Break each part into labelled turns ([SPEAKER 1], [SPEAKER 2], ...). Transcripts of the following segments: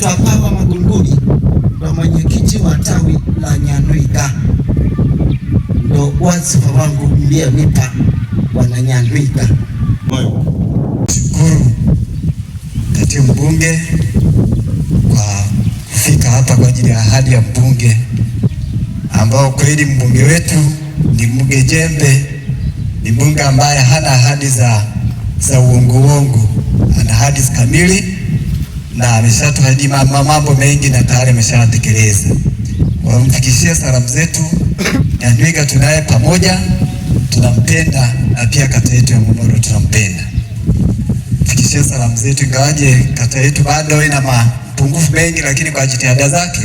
[SPEAKER 1] Naitwa Papa Maguluguli, na mwenyekiti wa tawi la Nyanwiga ndo wazifa wangu mlionipa Nyanwiga.
[SPEAKER 2] Shukuru kati mbunge kwa kufika hapa kwa ajili ya ahadi ya mbunge, ambao kweli mbunge wetu ni mbunge jembe, ni mbunge ambaye hana ahadi za, za uongo uongo, ana ahadi kamili na ameshatuahidi mambo mengi na tayari ameshatekeleza. Wamfikishie salamu zetu Nyandwiga, tunaye pamoja, tunampenda na pia kata yetu ya Momoro tunampenda. Fikishie salamu zetu, ingawaje kata yetu bado ina mapungufu mengi, lakini kwa jitihada zake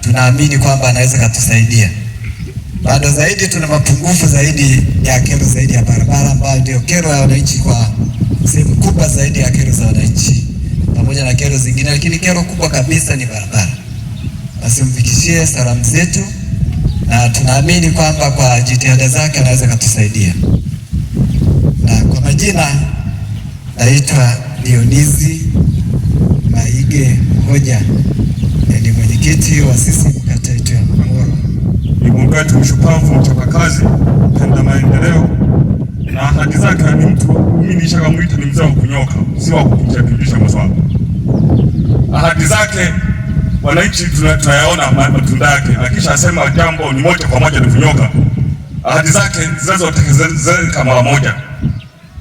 [SPEAKER 2] tunaamini kwamba anaweza katusaidia. Bado zaidi tuna mapungufu zaidi ya kero zaidi ya barabara, ambayo ndio kero ya wananchi kwa sehemu kubwa zaidi ya kero za wananchi pamoja na kero zingine, lakini kero kubwa kabisa ni barabara. Basi mfikishie salamu zetu, na tunaamini kwamba kwa jitihada zake anaweza katusaidia. Na kwa majina naitwa Dionizi Maige Hoja, ni mwenyekiti wa sisi kata yetu ya Mgoro.
[SPEAKER 3] Ni mungati mshupavu, kazi, penda maendeleo na haki zake. Ni mtu mimi nishakamwita ni mzao kunyoka, si wa kupitisha pitisha maswala yake wananchi tunayaona matunda yake, na kisha asema jambo ni moja kwa moja ni kunyoka. Ahadi zake zinazotekelezeka mara moja.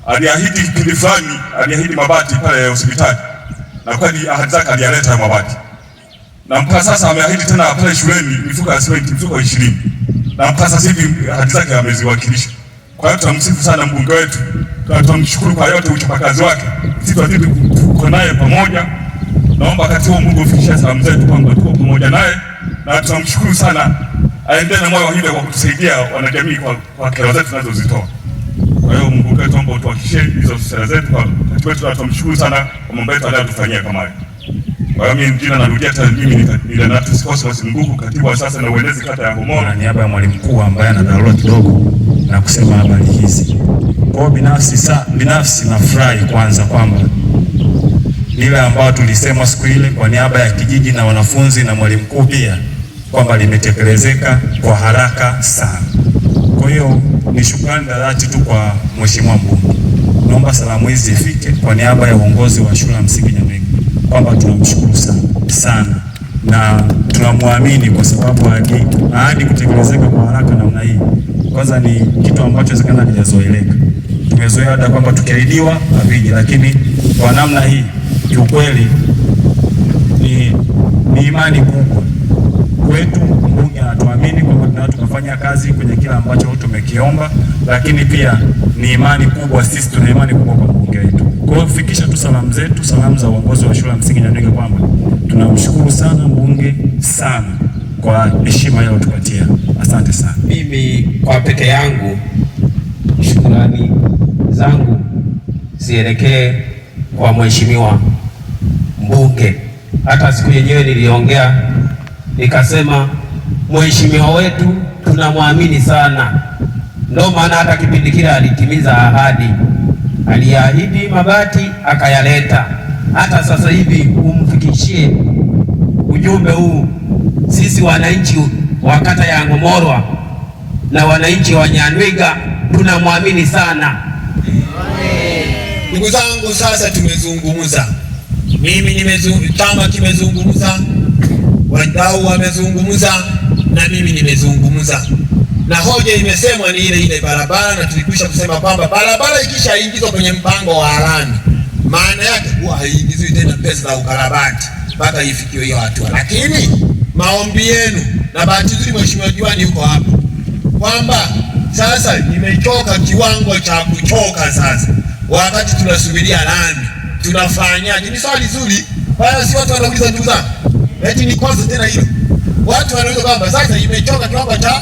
[SPEAKER 3] Aliahidi kipindi fulani, aliahidi mabati pale ya hospitali, na kweli ahadi zake aliyaleta ya mabati, na mpaka sasa ameahidi tena pale shuleni mifuko ya simenti, mifuko ishirini, na mpaka sasa hivi ahadi zake ameziwakilisha. Kwa hiyo tunamsifu sana mbunge wetu, tunamshukuru kwa yote, uchapakazi wake, sisi tutazidi kuko naye pamoja Naomba wakati huu Mungu ufikishe salamu zetu kwamba tuko pamoja naye na tunamshukuru sana, aendelee na moyo wa kwa kutusaidia wanajamii kwa kwa kero zetu tunazozitoa. Kwa hiyo Mungu wetu, naomba utuhakikishie hizo sala zetu kwa katibu wetu, na tunamshukuru sana kwa mambo yetu aliyotufanyia kama haya. Kwa hiyo mimi jina narudia tena, mimi ni Leonatus Cosmas Nguku, katibu wa sasa na uenezi kata ya Homola,
[SPEAKER 2] na niaba ya mwalimu mkuu ambaye ana dharura kidogo na kusema habari hizi. Kwa binafsi. binafsi binafsi nafurahi kwanza kwamba lile ambao tulisema siku ile kwa niaba ya kijiji na wanafunzi na mwalimu mkuu pia kwamba limetekelezeka kwa haraka sana. Kwa hiyo ni shukrani za dhati tu kwa mheshimiwa mbunge. Naomba salamu hizi zifike kwa niaba ya uongozi wa shule ya msingi Nyamega kwamba tunamshukuru sana sana na tunamwamini kwa sababu hadi hadi kutekelezeka kwa haraka namna hii, kwanza ni kitu ambacho inawezekana kijazoeleka. Tumezoea hata kwamba tukiahidiwa haviji, lakini kwa namna hii kiukweli ni, ni imani kubwa kwetu. Mbunge anatuamini kwamba tunaweza tukafanya kazi kwenye kila ambacho tumekiomba, lakini pia ni imani kubwa, sisi tuna imani kubwa kwa mbunge wetu. Kwa hiyo fikisha tu salamu zetu, salamu za uongozi wa shule ya msingi Nyanege kwamba tunamshukuru sana mbunge sana kwa heshima aliyotupatia. Asante sana.
[SPEAKER 4] Mimi kwa peke yangu shukrani zangu zielekee kwa mheshimiwa mbunge. Hata siku yenyewe niliongea nikasema, mheshimiwa wetu tunamwamini sana, ndio maana hata kipindi kile alitimiza ahadi, aliahidi mabati akayaleta. Hata sasa hivi umfikishie ujumbe huu, sisi wananchi wa kata ya Ng'omorwa na wananchi wa Nyanwiga tunamwamini sana.
[SPEAKER 3] Ndugu zangu, sasa tumezungumza, mimi nimezungumza, chama kimezungumza, wadau wamezungumza, na mimi nimezungumza, na hoja imesemwa ni ile ile barabara, na tulikwisha kusema kwamba barabara ikishaingizwa kwenye mpango wa alani, maana yake huwa haiingizwi tena pesa za ukarabati mpaka ifikiwe hiyo hatua. Lakini maombi yenu, na bahati nzuri mheshimiwa diwani yuko hapa, kwamba sasa nimechoka kiwango cha kuchoka sasa wakati tunasubiria lami, tunafanyaje? Ni swali zuri, si watu wanauliza ndugu zangu, eti ni kwanza tena hilo. Watu wanaweza kwamba sasa imechoka kiwango cha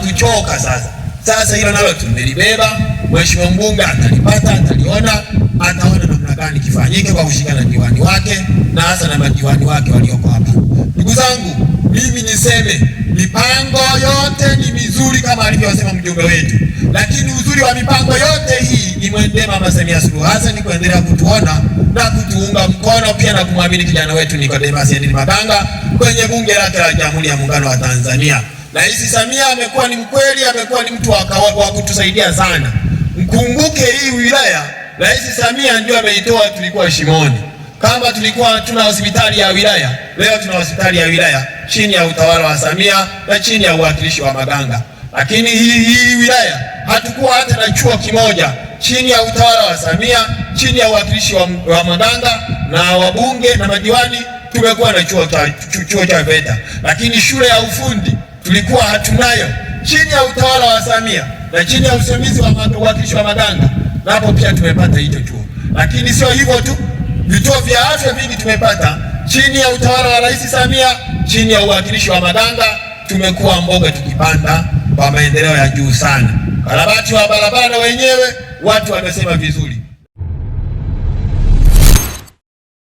[SPEAKER 3] kuchoka sasa. Sasa hilo nalo tumelibeba, mheshimiwa mbunge atalipata, ataliona, ataona namna gani kifanyike kwa kushikana na diwani wake na hasa na madiwani wake walioko hapa. Ndugu zangu, mimi niseme mipango yote ni mizuri kama alivyosema mjumbe wetu lakini uzuri wa mipango yote hii ni mwende Mama Samia Suluhu Hassan kuendelea kutuona na kutuunga mkono pia na kumwamini kijana wetu Nicodemus Endini Matanga kwenye bunge lake la Jamhuri ya Muungano wa Tanzania. Na hizi Samia amekuwa ni mkweli, amekuwa ni mtu wa kutusaidia sana. Mkumbuke hii wilaya Rais Samia ndio ameitoa, tulikuwa shimoni. Kama tulikuwa tuna hospitali ya wilaya, leo tuna hospitali ya wilaya chini ya utawala wa Samia na chini ya uwakilishi wa Maganga. Lakini hii hii wilaya hatukuwa hata na chuo kimoja chini ya utawala wa Samia, chini ya uwakilishi wa, wa Maganga na wabunge na madiwani tumekuwa na chuo cha chuo cha VETA, lakini shule ya ufundi tulikuwa hatunayo chini ya utawala wa Samia na chini ya usimamizi wa uwakilishi wa Mandanga, napo pia tumepata hicho chuo. Lakini sio hivyo tu, vituo vya afya vingi tumepata chini ya utawala wa Rais Samia, chini ya uwakilishi wa Maganga, tumekuwa mboga tukipanda kwa maendeleo ya juu sana. Karabati wa barabara wenyewe watu wamesema vizuri.